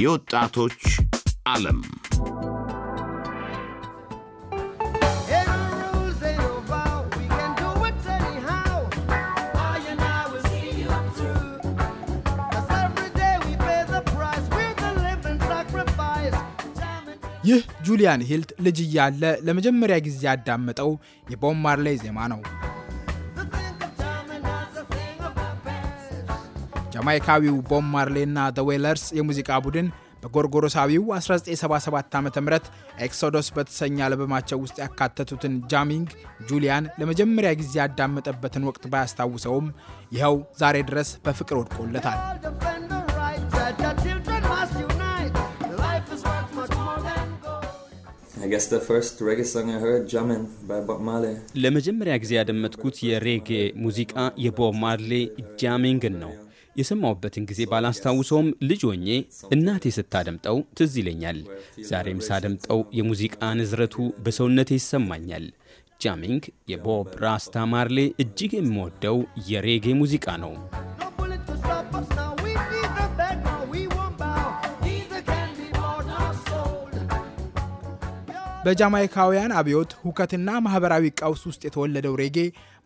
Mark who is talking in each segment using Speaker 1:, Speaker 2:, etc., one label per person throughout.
Speaker 1: የወጣቶች ዓለም ይህ ጁሊያን ሂልት ልጅ እያለ ለመጀመሪያ ጊዜ ያዳመጠው የቦብ ማርሌይ ዜማ ነው። ጃማይካዊው ቦብ ማርሌና ዘ ዌለርስ የሙዚቃ ቡድን በጎርጎሮሳዊው 1977 ዓ ም ኤክሶዶስ በተሰኘ አልበማቸው ውስጥ ያካተቱትን ጃሚንግ ጁሊያን ለመጀመሪያ ጊዜ ያዳመጠበትን ወቅት ባያስታውሰውም ይኸው ዛሬ ድረስ በፍቅር ወድቆለታል።
Speaker 2: ለመጀመሪያ ጊዜ
Speaker 3: ያደመጥኩት የሬጌ ሙዚቃ የቦብ ማርሌ ጃሚንግን ነው። የሰማሁበትን ጊዜ ባላስታውሰውም ልጅ ሆኜ እናቴ ስታደምጠው ትዝ ይለኛል። ዛሬም ሳደምጠው የሙዚቃ ንዝረቱ በሰውነቴ ይሰማኛል። ጃሚንግ የቦብ ራስታ ማርሌ እጅግ የምወደው የሬጌ ሙዚቃ ነው።
Speaker 1: በጃማይካውያን አብዮት ሁከትና ማህበራዊ ቀውስ ውስጥ የተወለደው ሬጌ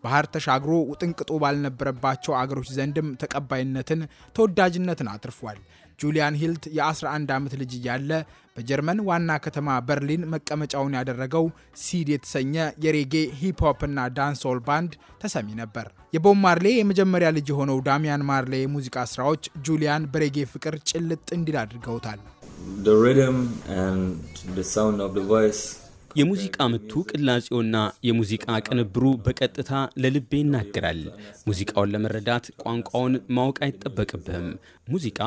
Speaker 1: ባህር ተሻግሮ ውጥንቅጡ ባልነበረባቸው አገሮች ዘንድም ተቀባይነትን፣ ተወዳጅነትን አትርፏል። ጁሊያን ሂልት የ11 ዓመት ልጅ እያለ በጀርመን ዋና ከተማ በርሊን መቀመጫውን ያደረገው ሲድ የተሰኘ የሬጌ ሂፕሆፕ እና ዳንስሆል ባንድ ተሰሚ ነበር። የቦብ ማርሌ የመጀመሪያ ልጅ የሆነው ዳሚያን ማርሌ የሙዚቃ ስራዎች ጁሊያን በሬጌ ፍቅር ጭልጥ እንዲል አድርገውታል።
Speaker 3: የሙዚቃ ምቱ ቅላጼውና የሙዚቃ ቅንብሩ በቀጥታ ለልቤ ይናገራል። ሙዚቃውን ለመረዳት ቋንቋውን ማወቅ አይጠበቅብህም። ሙዚቃ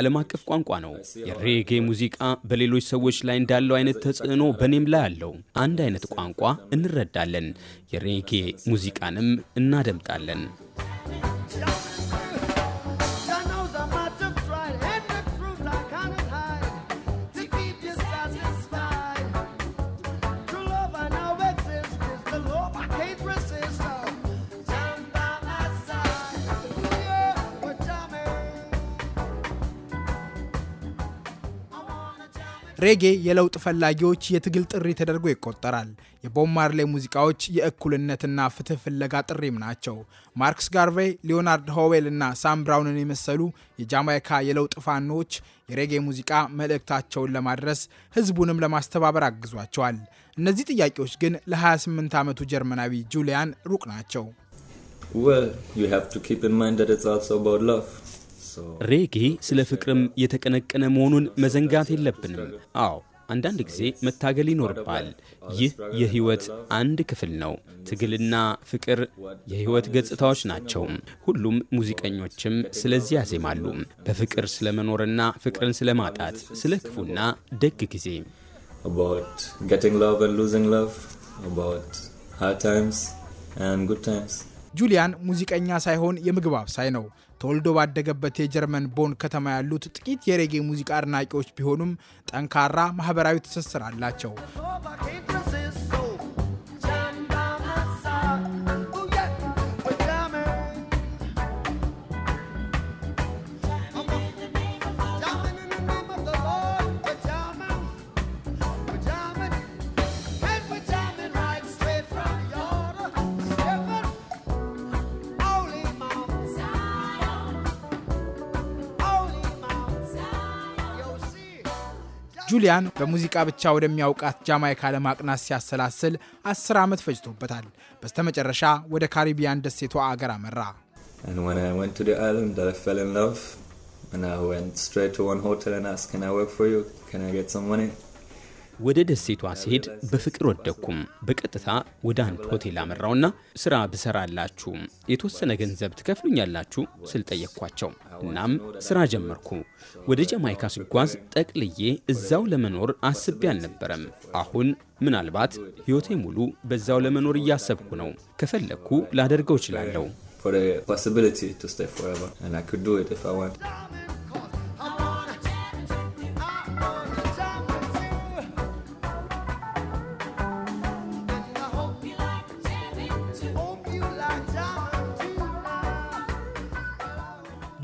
Speaker 3: ዓለም አቀፍ ቋንቋ ነው። የሬጌ ሙዚቃ በሌሎች ሰዎች ላይ እንዳለው አይነት ተጽዕኖ በእኔም ላይ አለው። አንድ አይነት ቋንቋ እንረዳለን። የሬጌ ሙዚቃንም እናደምጣለን።
Speaker 1: ሬጌ የለውጥ ፈላጊዎች የትግል ጥሪ ተደርጎ ይቆጠራል። የቦብ ማርሌ ሙዚቃዎች የእኩልነትና ፍትህ ፍለጋ ጥሪም ናቸው። ማርክስ ጋርቬይ፣ ሊዮናርድ ሆዌል እና ሳም ብራውንን የመሰሉ የጃማይካ የለውጥ ፋኖዎች የሬጌ ሙዚቃ መልእክታቸውን ለማድረስ ህዝቡንም ለማስተባበር አግዟቸዋል። እነዚህ ጥያቄዎች ግን ለ28 ዓመቱ ጀርመናዊ ጁሊያን
Speaker 3: ሩቅ ናቸው። ሬጌ ስለ ፍቅርም የተቀነቀነ መሆኑን መዘንጋት የለብንም። አዎ አንዳንድ ጊዜ መታገል ይኖርባል። ይህ የህይወት አንድ ክፍል ነው። ትግልና ፍቅር የህይወት ገጽታዎች ናቸው። ሁሉም ሙዚቀኞችም ስለዚህ ያዜማሉ። በፍቅር ስለመኖርና ፍቅርን ስለማጣት፣ ስለ ክፉና ደግ ጊዜ
Speaker 2: about getting love
Speaker 1: ጁሊያን ሙዚቀኛ ሳይሆን የምግብ አብሳይ ነው። ተወልዶ ባደገበት የጀርመን ቦን ከተማ ያሉት ጥቂት የሬጌ ሙዚቃ አድናቂዎች ቢሆኑም ጠንካራ ማህበራዊ ትስስር አላቸው። ጁሊያን በሙዚቃ ብቻ ወደሚያውቃት ጃማይካ ለማቅናት ሲያሰላስል አስር ዓመት ፈጅቶበታል። በስተመጨረሻ ወደ ካሪቢያን ደሴቷ አገር አመራ።
Speaker 2: ወደ ደሴቷ ሲሄድ
Speaker 3: በፍቅር ወደኩም። በቀጥታ ወደ አንድ ሆቴል
Speaker 2: አመራውና ስራ
Speaker 3: ብሰራላችሁ የተወሰነ ገንዘብ ትከፍሉኛላችሁ ስል ጠየቅኳቸው። እናም ስራ ጀመርኩ። ወደ ጀማይካ ስጓዝ ጠቅልዬ እዛው ለመኖር አስቤ አልነበረም። አሁን ምናልባት ሕይወቴ ሙሉ በዛው ለመኖር እያሰብኩ ነው። ከፈለግኩ
Speaker 2: ላደርገው እችላለሁ።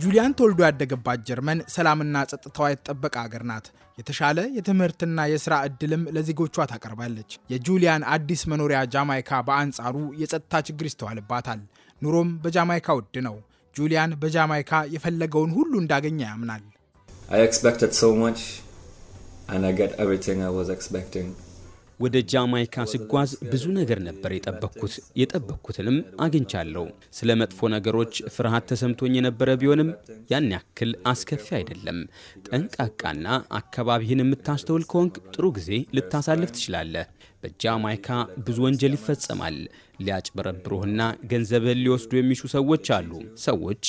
Speaker 1: ጁሊያን ተወልዶ ያደገባት ጀርመን ሰላምና ጸጥታዋ የተጠበቀ አገር ናት። የተሻለ የትምህርትና የሥራ ዕድልም ለዜጎቿ ታቀርባለች። የጁሊያን አዲስ መኖሪያ ጃማይካ በአንጻሩ የጸጥታ ችግር ይስተዋልባታል። ኑሮም በጃማይካ ውድ ነው። ጁሊያን በጃማይካ የፈለገውን ሁሉ
Speaker 3: እንዳገኘ ያምናል። ወደ ጃማይካ ስጓዝ ብዙ ነገር
Speaker 2: ነበር የጠበቅኩት፣ የጠበቅኩትንም
Speaker 3: አግኝቻለሁ። ስለ መጥፎ ነገሮች ፍርሃት ተሰምቶኝ የነበረ ቢሆንም ያን ያክል አስከፊ አይደለም። ጠንቃቃና አካባቢህን የምታስተውል ከሆንክ ጥሩ ጊዜ ልታሳልፍ ትችላለህ። በጃማይካ ብዙ ወንጀል ይፈጸማል። ሊያጭበረብሩህና ገንዘብህን ሊወስዱ የሚሹ ሰዎች አሉ። ሰዎች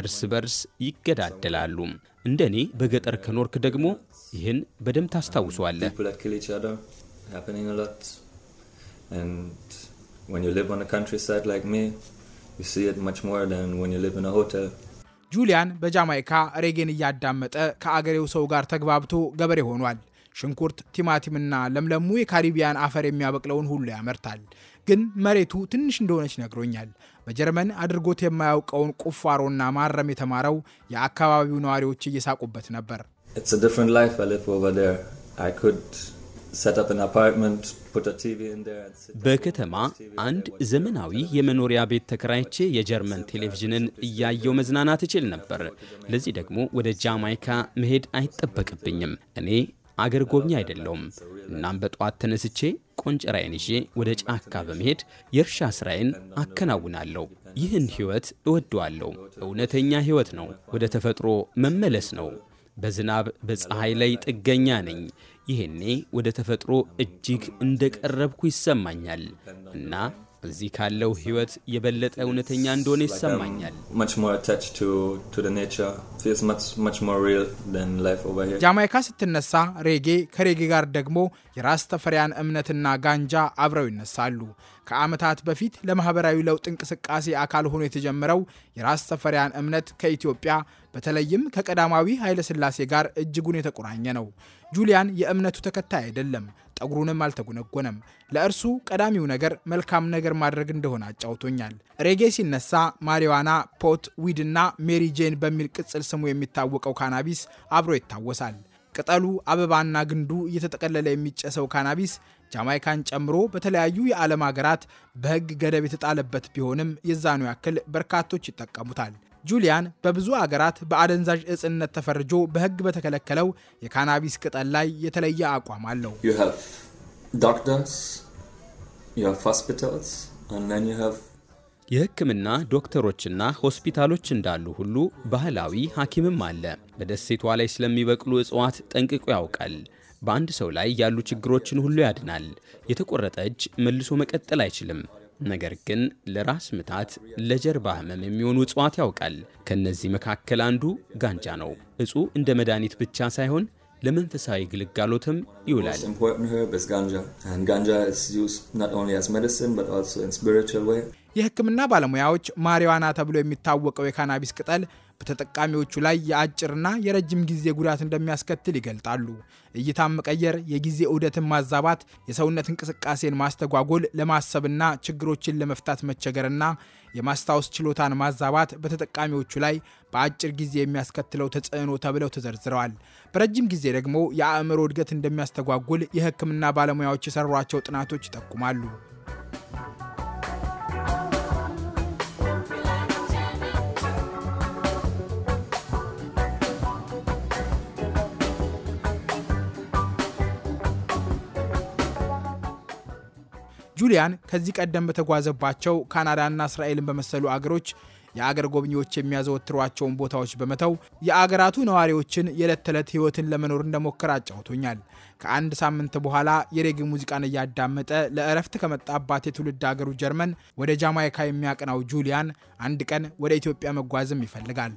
Speaker 3: እርስ በርስ ይገዳደላሉ። እንደ እኔ በገጠር ከኖርክ ደግሞ ይህን በደንብ ታስታውሰዋለህ።
Speaker 2: happening a lot. And when you live on the countryside like me, you see it much more than when you live in a hotel.
Speaker 1: ጁሊያን በጃማይካ ሬጌን እያዳመጠ ከአገሬው ሰው ጋር ተግባብቶ ገበሬ ሆኗል። ሽንኩርት፣ ቲማቲምና ለምለሙ የካሪቢያን አፈር የሚያበቅለውን ሁሉ ያመርታል። ግን መሬቱ ትንሽ እንደሆነች ነግሮኛል። በጀርመን አድርጎት የማያውቀውን ቁፋሮና ማረም የተማረው የአካባቢው ነዋሪዎች እየሳቁበት ነበር።
Speaker 3: በከተማ አንድ ዘመናዊ የመኖሪያ ቤት ተከራይቼ የጀርመን ቴሌቪዥንን እያየው መዝናናት እችል ነበር። ለዚህ ደግሞ ወደ ጃማይካ መሄድ አይጠበቅብኝም። እኔ አገር ጎብኚ አይደለውም። እናም በጠዋት ተነስቼ ቆንጨራዬን ይዤ ወደ ጫካ በመሄድ የእርሻ ስራዬን አከናውናለሁ። ይህን ሕይወት እወደዋለሁ። እውነተኛ ሕይወት ነው። ወደ ተፈጥሮ መመለስ ነው። በዝናብ በፀሐይ ላይ ጥገኛ ነኝ። ይሄኔ ወደ ተፈጥሮ እጅግ እንደቀረብኩ ይሰማኛል እና እዚህ ካለው ህይወት የበለጠ እውነተኛ
Speaker 1: እንደሆነ ይሰማኛል። ጃማይካ ስትነሳ ሬጌ፣ ከሬጌ ጋር ደግሞ የራስ ተፈሪያን እምነትና ጋንጃ አብረው ይነሳሉ። ከዓመታት በፊት ለማህበራዊ ለውጥ እንቅስቃሴ አካል ሆኖ የተጀመረው የራስ ተፈሪያን እምነት ከኢትዮጵያ በተለይም ከቀዳማዊ ኃይለሥላሴ ጋር እጅጉን የተቆራኘ ነው። ጁሊያን የእምነቱ ተከታይ አይደለም፣ ጠጉሩንም አልተጎነጎነም። ለእርሱ ቀዳሚው ነገር መልካም ነገር ማድረግ እንደሆነ አጫውቶኛል። ሬጌ ሲነሳ ማሪዋና፣ ፖት ዊድ እና ሜሪ ጄን በሚል ቅጽል ስሙ የሚታወቀው ካናቢስ አብሮ ይታወሳል። ቅጠሉ አበባና ግንዱ እየተጠቀለለ የሚጨሰው ካናቢስ ጃማይካን ጨምሮ በተለያዩ የዓለም ሀገራት በሕግ ገደብ የተጣለበት ቢሆንም የዛኑ ያክል በርካቶች ይጠቀሙታል። ጁሊያን በብዙ አገራት በአደንዛዥ እጽነት ተፈርጆ በሕግ በተከለከለው የካናቢስ ቅጠል ላይ የተለየ አቋም አለው።
Speaker 3: የሕክምና ዶክተሮችና ሆስፒታሎች እንዳሉ ሁሉ ባህላዊ ሐኪምም አለ። በደሴቷ ላይ ስለሚበቅሉ እጽዋት ጠንቅቆ ያውቃል። በአንድ ሰው ላይ ያሉ ችግሮችን ሁሉ ያድናል። የተቆረጠ እጅ መልሶ መቀጠል አይችልም። ነገር ግን ለራስ ምታት፣ ለጀርባ ህመም የሚሆኑ እጽዋት ያውቃል። ከእነዚህ መካከል አንዱ ጋንጃ ነው። እጹ እንደ መድኃኒት ብቻ ሳይሆን ለመንፈሳዊ ግልጋሎትም ይውላል።
Speaker 1: የሕክምና ባለሙያዎች ማሪዋና ተብሎ የሚታወቀው የካናቢስ ቅጠል በተጠቃሚዎቹ ላይ የአጭርና የረጅም ጊዜ ጉዳት እንደሚያስከትል ይገልጣሉ። እይታን መቀየር፣ የጊዜ ዑደትን ማዛባት፣ የሰውነት እንቅስቃሴን ማስተጓጎል፣ ለማሰብና ችግሮችን ለመፍታት መቸገርና የማስታወስ ችሎታን ማዛባት በተጠቃሚዎቹ ላይ በአጭር ጊዜ የሚያስከትለው ተጽዕኖ ተብለው ተዘርዝረዋል። በረጅም ጊዜ ደግሞ የአእምሮ እድገት እንደሚያስተጓጉል የሕክምና ባለሙያዎች የሰሯቸው ጥናቶች ይጠቁማሉ። ጁሊያን ከዚህ ቀደም በተጓዘባቸው ካናዳና እስራኤልን በመሰሉ አገሮች የአገር ጎብኚዎች የሚያዘወትሯቸውን ቦታዎች በመተው የአገራቱ ነዋሪዎችን የዕለት ተዕለት ሕይወትን ለመኖር እንደሞከረ አጫውቶኛል። ከአንድ ሳምንት በኋላ የሬጌ ሙዚቃን እያዳመጠ ለእረፍት ከመጣባት የትውልድ አገሩ ጀርመን ወደ ጃማይካ የሚያቅናው ጁሊያን አንድ ቀን ወደ ኢትዮጵያ መጓዝም ይፈልጋል።